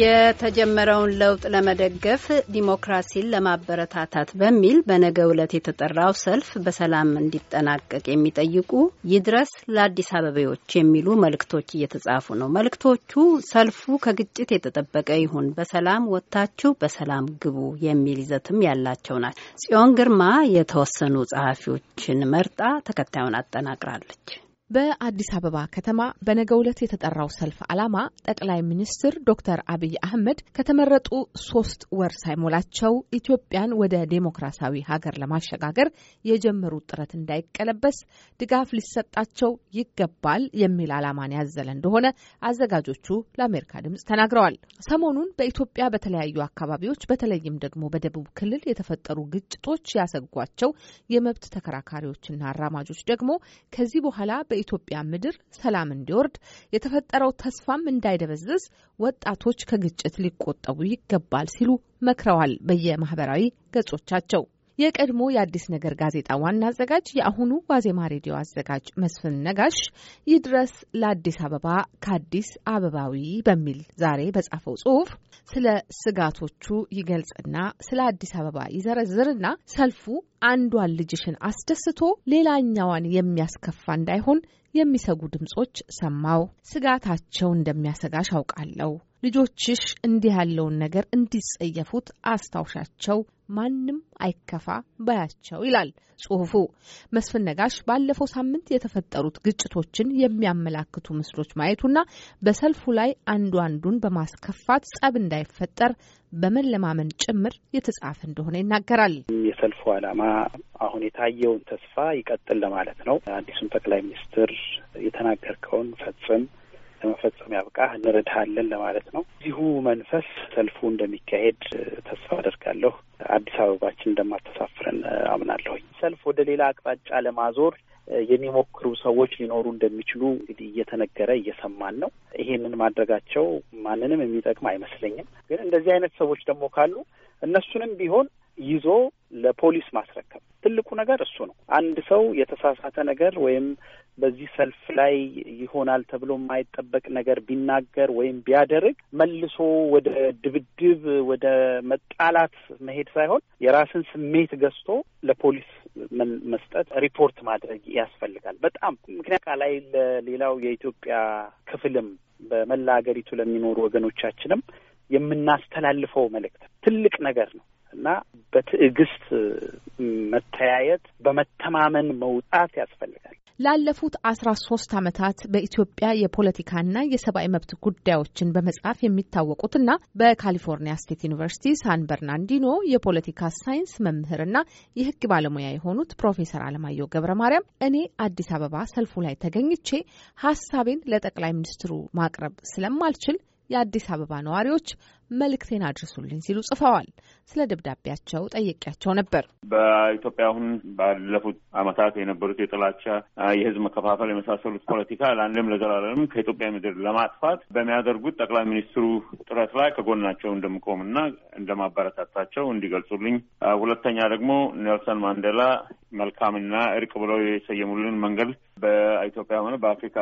የተጀመረውን ለውጥ ለመደገፍ ዲሞክራሲን ለማበረታታት በሚል በነገ ዕለት የተጠራው ሰልፍ በሰላም እንዲጠናቀቅ የሚጠይቁ ይድረስ ለአዲስ አበቤዎች የሚሉ መልእክቶች እየተጻፉ ነው። መልእክቶቹ ሰልፉ ከግጭት የተጠበቀ ይሁን፣ በሰላም ወጥታችሁ በሰላም ግቡ የሚል ይዘትም ያላቸው ናቸው። ጽዮን ግርማ የተወሰኑ ጸሐፊዎችን መርጣ ተከታዩን አጠናቅራለች። በአዲስ አበባ ከተማ በነገ ዕለት የተጠራው ሰልፍ ዓላማ ጠቅላይ ሚኒስትር ዶክተር አብይ አህመድ ከተመረጡ ሶስት ወር ሳይሞላቸው ኢትዮጵያን ወደ ዴሞክራሲያዊ ሀገር ለማሸጋገር የጀመሩ ጥረት እንዳይቀለበስ ድጋፍ ሊሰጣቸው ይገባል የሚል ዓላማን ያዘለ እንደሆነ አዘጋጆቹ ለአሜሪካ ድምጽ ተናግረዋል። ሰሞኑን በኢትዮጵያ በተለያዩ አካባቢዎች በተለይም ደግሞ በደቡብ ክልል የተፈጠሩ ግጭቶች ያሰጓቸው የመብት ተከራካሪዎችና አራማጆች ደግሞ ከዚህ በኋላ በኢትዮጵያ ምድር ሰላም እንዲወርድ የተፈጠረው ተስፋም እንዳይደበዝዝ ወጣቶች ከግጭት ሊቆጠቡ ይገባል ሲሉ መክረዋል። በየማህበራዊ ገጾቻቸው የቀድሞ የአዲስ ነገር ጋዜጣ ዋና አዘጋጅ የአሁኑ ዋዜማ ሬዲዮ አዘጋጅ መስፍን ነጋሽ ይድረስ ለአዲስ አበባ ከአዲስ አበባዊ በሚል ዛሬ በጻፈው ጽሁፍ ስለ ስጋቶቹ ይገልጽና ስለ አዲስ አበባ ይዘረዝርና ሰልፉ አንዷን ልጅሽን አስደስቶ ሌላኛዋን የሚያስከፋ እንዳይሆን የሚሰጉ ድምጾች ሰማው። ስጋታቸው እንደሚያሰጋሽ አውቃለሁ። ልጆችሽ እንዲህ ያለውን ነገር እንዲጸየፉት አስታውሻቸው ማንም አይከፋ ባያቸው ይላል ጽሁፉ። መስፍን ነጋሽ ባለፈው ሳምንት የተፈጠሩት ግጭቶችን የሚያመላክቱ ምስሎች ማየቱና በሰልፉ ላይ አንዱ አንዱን በማስከፋት ጸብ እንዳይፈጠር በመለማመን ጭምር የተጻፈ እንደሆነ ይናገራል። የሰልፉ ዓላማ አሁን የታየውን ተስፋ ይቀጥል ለማለት ነው። አዲሱን ጠቅላይ ሚኒስትር የተናገርከውን ፈጽም ለመፈጸም ያብቃ እንረዳሃለን ለማለት ነው። እዚሁ መንፈስ ሰልፉ እንደሚካሄድ ተስፋ አደርጋለሁ። አዲስ አበባችን እንደማተሳፍረን አምናለሁኝ። ሰልፍ ወደ ሌላ አቅጣጫ ለማዞር የሚሞክሩ ሰዎች ሊኖሩ እንደሚችሉ እንግዲህ እየተነገረ እየሰማን ነው። ይሄንን ማድረጋቸው ማንንም የሚጠቅም አይመስለኝም። ግን እንደዚህ አይነት ሰዎች ደግሞ ካሉ እነሱንም ቢሆን ይዞ ለፖሊስ ማስረከብ ትልቁ ነገር እሱ ነው። አንድ ሰው የተሳሳተ ነገር ወይም በዚህ ሰልፍ ላይ ይሆናል ተብሎ የማይጠበቅ ነገር ቢናገር ወይም ቢያደርግ መልሶ ወደ ድብድብ፣ ወደ መጣላት መሄድ ሳይሆን የራስን ስሜት ገዝቶ ለፖሊስ መስጠት፣ ሪፖርት ማድረግ ያስፈልጋል በጣም ምክንያት ላይ ለሌላው የኢትዮጵያ ክፍልም በመላ ሀገሪቱ ለሚኖሩ ወገኖቻችንም የምናስተላልፈው መልእክት ትልቅ ነገር ነው እና በትዕግስት መተያየት፣ በመተማመን መውጣት ያስፈልጋል። ላለፉት አስራ ሶስት ዓመታት በኢትዮጵያ የፖለቲካና የሰብአዊ መብት ጉዳዮችን በመጻፍ የሚታወቁትና በካሊፎርኒያ ስቴት ዩኒቨርሲቲ ሳን በርናንዲኖ የፖለቲካ ሳይንስ መምህርና የሕግ ባለሙያ የሆኑት ፕሮፌሰር አለማየሁ ገብረ ማርያም እኔ አዲስ አበባ ሰልፉ ላይ ተገኝቼ ሀሳቤን ለጠቅላይ ሚኒስትሩ ማቅረብ ስለማልችል የአዲስ አበባ ነዋሪዎች መልእክቴን አድርሱልኝ ሲሉ ጽፈዋል። ስለ ደብዳቤያቸው ጠየቂያቸው ነበር። በኢትዮጵያ አሁን ባለፉት ዓመታት የነበሩት የጥላቻ የህዝብ መከፋፈል የመሳሰሉት ፖለቲካ ለአንድም ለዘላለምም ከኢትዮጵያ ምድር ለማጥፋት በሚያደርጉት ጠቅላይ ሚኒስትሩ ጥረት ላይ ከጎናቸው እንደምቆምና እንደማበረታታቸው እንዲገልጹልኝ፣ ሁለተኛ ደግሞ ኔልሰን ማንዴላ መልካምና እርቅ ብለው የሰየሙልን መንገድ በኢትዮጵያ ሆነ በአፍሪካ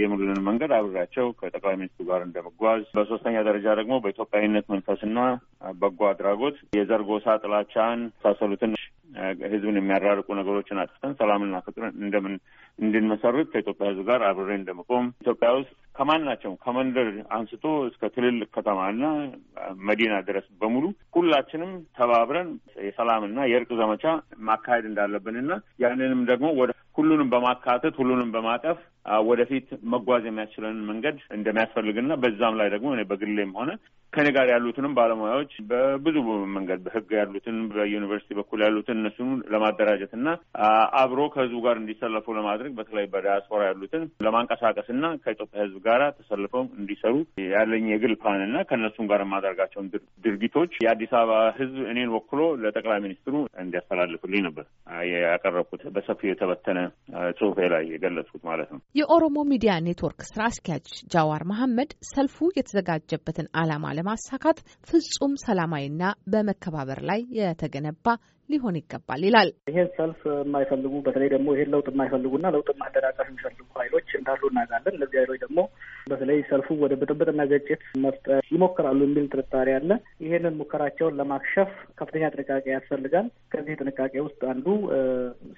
የሙሉንን መንገድ አብሬያቸው ከጠቅላይ ሚኒስትሩ ጋር እንደመጓዝ፣ በሶስተኛ ደረጃ ደግሞ በኢትዮጵያዊነት መንፈስና በጎ አድራጎት የዘር፣ ጎሳ ጥላቻን የመሳሰሉትን ህዝብን የሚያራርቁ ነገሮችን አጥፍተን ሰላምና ፍቅርን እንደምን እንድንመሰርት ከኢትዮጵያ ህዝብ ጋር አብሬ እንደመቆም ኢትዮጵያ ውስጥ ናቸው ከመንደር አንስቶ እስከ ትልልቅ ከተማና መዲና ድረስ በሙሉ ሁላችንም ተባብረን የሰላምና የእርቅ ዘመቻ ማካሄድ እንዳለብንና ያንንም ደግሞ ወደ ሁሉንም በማካተት ሁሉንም በማቀፍ ወደፊት መጓዝ የሚያስችለንን መንገድ እንደሚያስፈልግና በዛም ላይ ደግሞ እኔ በግሌም ሆነ ከኔ ጋር ያሉትንም ባለሙያዎች በብዙ መንገድ በህግ ያሉትን በዩኒቨርሲቲ በኩል ያሉትን እነሱን ለማደራጀት እና አብሮ ከህዝቡ ጋር እንዲሰለፉ ለማድረግ በተለይ በዲያስፖራ ያሉትን ለማንቀሳቀስ እና ከኢትዮጵያ ህዝብ ጋር ተሰልፈው እንዲሰሩ ያለኝ የግል ፓን እና ከእነሱም ጋር የማደርጋቸውን ድርጊቶች የአዲስ አበባ ህዝብ እኔን ወክሎ ለጠቅላይ ሚኒስትሩ እንዲያስተላልፍልኝ ነበር ያቀረብኩት በሰፊው የተበተነ ጽሁፌ ላይ የገለጽኩት ማለት ነው። የኦሮሞ ሚዲያ ኔትወርክ ስራ አስኪያጅ ጃዋር መሐመድ ሰልፉ የተዘጋጀበትን አላማ ለማሳካት ፍጹም ሰላማዊና በመከባበር ላይ የተገነባ ሊሆን ይገባል ይላል። ይሄን ሰልፍ የማይፈልጉ በተለይ ደግሞ ይሄን ለውጥ የማይፈልጉና ለውጥ ማደናቀፍ የሚፈልጉ ኃይሎች እንዳሉ እናውቃለን። እነዚህ ኃይሎች ደግሞ በተለይ ሰልፉ ወደ ብጥብጥና ግጭት መፍጠር ይሞክራሉ የሚል ጥርጣሬ አለ። ይሄንን ሙከራቸውን ለማክሸፍ ከፍተኛ ጥንቃቄ ያስፈልጋል። ከዚህ ጥንቃቄ ውስጥ አንዱ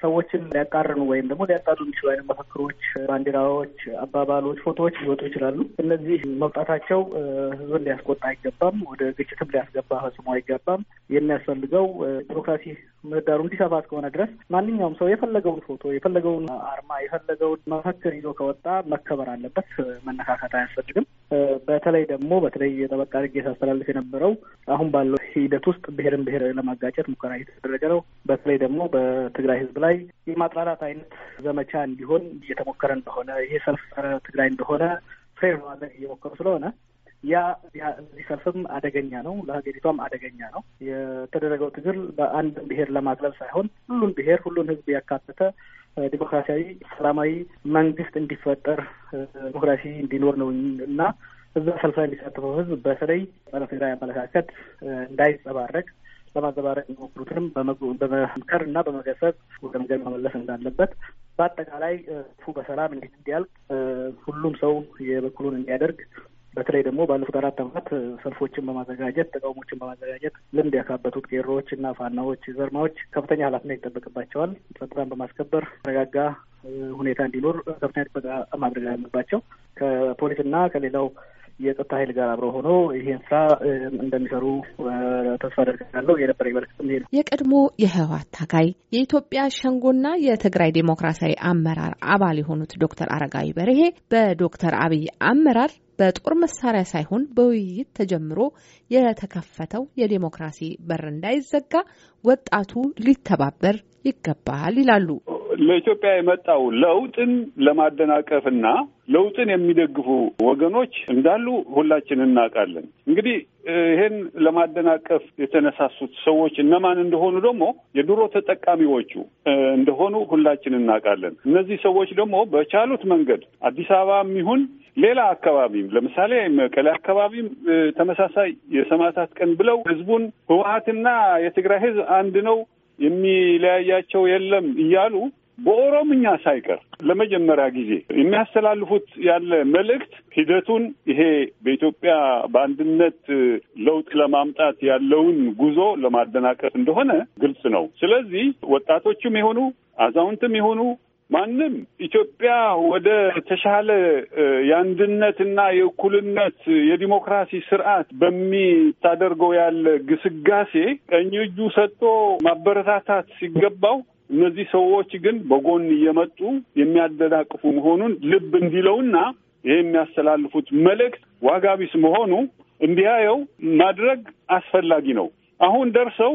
ሰዎችን ሊያቃርኑ ወይም ደግሞ ሊያጣሉ የሚችሉ አይነት መፈክሮች፣ ባንዲራዎች፣ አባባሎች፣ ፎቶዎች ሊወጡ ይችላሉ። እነዚህ መውጣታቸው ህዝብን ሊያስቆጣ አይገባም። ወደ ግጭትም ሊያስገባ ህዝሙ አይገባም። የሚያስፈልገው ዲሞክራሲ ምህዳሩ እንዲህ ከሆነ እስከሆነ ድረስ ማንኛውም ሰው የፈለገውን ፎቶ፣ የፈለገውን አርማ፣ የፈለገውን መፈክር ይዞ ከወጣ መከበር አለበት። መነካከት አያስፈልግም። በተለይ ደግሞ በተለይ የጠበቃ አድርጌ ሳስተላልፍ የነበረው አሁን ባለው ሂደት ውስጥ ብሔርን ብሔር ለማጋጨት ሙከራ እየተደረገ ነው። በተለይ ደግሞ በትግራይ ህዝብ ላይ የማጥላላት አይነት ዘመቻ እንዲሆን እየተሞከረ እንደሆነ ይሄ ሰልፍ ጸረ ትግራይ እንደሆነ ፍሬ እየሞከሩ ስለሆነ ያ እዚህ ሰልፍም አደገኛ ነው፣ ለሀገሪቷም አደገኛ ነው። የተደረገው ትግል በአንድ ብሔር ለማቅለል ሳይሆን ሁሉን ብሔር ሁሉን ህዝብ ያካተተ ዲሞክራሲያዊ ሰላማዊ መንግስት እንዲፈጠር ዲሞክራሲ እንዲኖር ነው እና እዛ ሰልፍ ላይ የሚሳተፈው ህዝብ በተለይ ጸረ ፌዴራዊ አመለካከት እንዳይጸባረቅ ለማዘባረቅ የሚሞክሩትንም በመምከር እና በመገሰጽ ወደ መንገድ መመለስ እንዳለበት በአጠቃላይ ፉ በሰላም እንዲህ እንዲያልቅ ሁሉም ሰው የበኩሉን እንዲያደርግ በተለይ ደግሞ ባለፉት አራት ዓመታት ሰልፎችን በማዘጋጀት ተቃውሞችን በማዘጋጀት ልምድ ያካበቱት ቄሮዎች እና ፋናዎች፣ ዘርማዎች ከፍተኛ ኃላፊነት ይጠበቅባቸዋል። ጸጥታን በማስከበር ረጋጋ ሁኔታ እንዲኖር ከፍተኛ ጥበቃ ማድረግ አለባቸው። እና ከሌላው የጸጥታ ኃይል ጋር አብረ ሆኖ ይህን ስራ እንደሚሰሩ ተስፋ አደርጋለሁ። የነበረ መልክትም ሄ የቀድሞ የህወሓት ታጋይ የኢትዮጵያ ሸንጎና የትግራይ ዴሞክራሲያዊ አመራር አባል የሆኑት ዶክተር አረጋዊ በርሄ በዶክተር አብይ አመራር በጦር መሳሪያ ሳይሆን በውይይት ተጀምሮ የተከፈተው የዴሞክራሲ በር እንዳይዘጋ ወጣቱ ሊተባበር ይገባል ይላሉ። ለኢትዮጵያ የመጣው ለውጥን ለማደናቀፍና ለውጥን የሚደግፉ ወገኖች እንዳሉ ሁላችን እናውቃለን። እንግዲህ ይሄን ለማደናቀፍ የተነሳሱት ሰዎች እነማን እንደሆኑ ደግሞ የድሮ ተጠቃሚዎቹ እንደሆኑ ሁላችን እናውቃለን። እነዚህ ሰዎች ደግሞ በቻሉት መንገድ አዲስ አበባም ይሁን ሌላ አካባቢም ለምሳሌ መቀሌ አካባቢም ተመሳሳይ የሰማዕታት ቀን ብለው ህዝቡን ህወሀትና የትግራይ ህዝብ አንድ ነው የሚለያያቸው የለም እያሉ በኦሮምኛ ሳይቀር ለመጀመሪያ ጊዜ የሚያስተላልፉት ያለ መልእክት ሂደቱን ይሄ በኢትዮጵያ በአንድነት ለውጥ ለማምጣት ያለውን ጉዞ ለማደናቀፍ እንደሆነ ግልጽ ነው። ስለዚህ ወጣቶችም የሆኑ አዛውንትም የሆኑ ማንም ኢትዮጵያ ወደ ተሻለ የአንድነትና የእኩልነት የዲሞክራሲ ስርዓት በሚታደርገው ያለ ግስጋሴ ቀኝ እጁ ሰጥቶ ማበረታታት ሲገባው እነዚህ ሰዎች ግን በጎን እየመጡ የሚያደናቅፉ መሆኑን ልብ እንዲለውና ይህ የሚያስተላልፉት መልእክት ዋጋ ቢስ መሆኑ እንዲያየው ማድረግ አስፈላጊ ነው። አሁን ደርሰው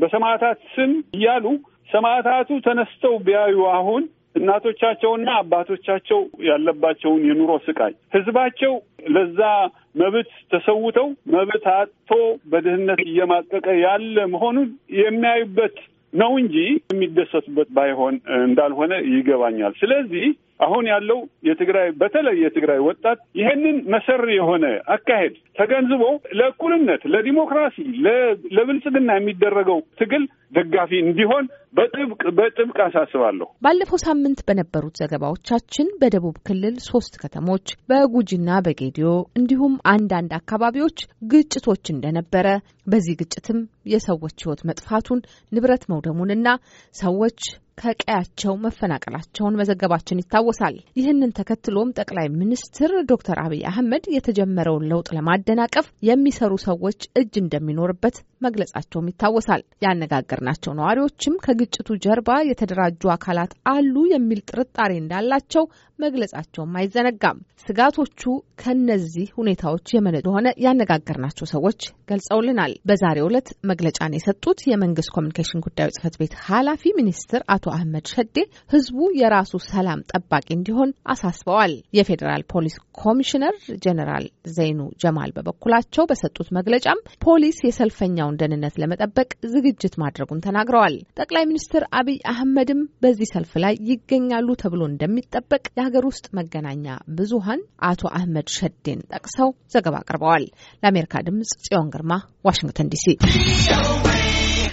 በሰማዕታት ስም እያሉ ሰማዕታቱ ተነስተው ቢያዩ አሁን እናቶቻቸውና አባቶቻቸው ያለባቸውን የኑሮ ስቃይ ህዝባቸው ለዛ መብት ተሰውተው መብት አጥቶ በድህነት እየማቀቀ ያለ መሆኑን የሚያዩበት ነው እንጂ የሚደሰቱበት ባይሆን እንዳልሆነ ይገባኛል። ስለዚህ አሁን ያለው የትግራይ በተለይ የትግራይ ወጣት ይህንን መሰሪ የሆነ አካሄድ ተገንዝቦ ለእኩልነት፣ ለዲሞክራሲ፣ ለብልጽግና የሚደረገው ትግል ደጋፊ እንዲሆን በጥብቅ በጥብቅ አሳስባለሁ። ባለፈው ሳምንት በነበሩት ዘገባዎቻችን በደቡብ ክልል ሶስት ከተሞች በጉጂና በጌዲዮ እንዲሁም አንዳንድ አካባቢዎች ግጭቶች እንደነበረ በዚህ ግጭትም የሰዎች ሕይወት መጥፋቱን ንብረት መውደሙንና ሰዎች ከቀያቸው መፈናቀላቸውን መዘገባችን ይታወሳል። ይህንን ተከትሎም ጠቅላይ ሚኒስትር ዶክተር አብይ አህመድ የተጀመረውን ለውጥ ለማደናቀፍ የሚሰሩ ሰዎች እጅ እንደሚኖርበት መግለጻቸውም ይታወሳል። ያነጋገርናቸው ነዋሪዎችም ከግጭቱ ጀርባ የተደራጁ አካላት አሉ የሚል ጥርጣሬ እንዳላቸው መግለጻቸውም አይዘነጋም። ስጋቶቹ ከነዚህ ሁኔታዎች የመነ እንደሆነ ያነጋገርናቸው ሰዎች ገልጸውልናል። በዛሬው ዕለት መግለጫን የሰጡት የመንግስት ኮሚኒኬሽን ጉዳዮች ጽህፈት ቤት ኃላፊ ሚኒስትር አቶ አህመድ ሸዴ ህዝቡ የራሱ ሰላም ጠባቂ እንዲሆን አሳስበዋል። የፌዴራል ፖሊስ ኮሚሽነር ጀኔራል ዘይኑ ጀማል በበኩላቸው በሰጡት መግለጫም ፖሊስ የሰልፈኛው የጎዳናውን ደህንነት ለመጠበቅ ዝግጅት ማድረጉን ተናግረዋል። ጠቅላይ ሚኒስትር አብይ አህመድም በዚህ ሰልፍ ላይ ይገኛሉ ተብሎ እንደሚጠበቅ የሀገር ውስጥ መገናኛ ብዙሀን አቶ አህመድ ሸዴን ጠቅሰው ዘገባ አቅርበዋል። ለአሜሪካ ድምጽ ጽዮን ግርማ ዋሽንግተን ዲሲ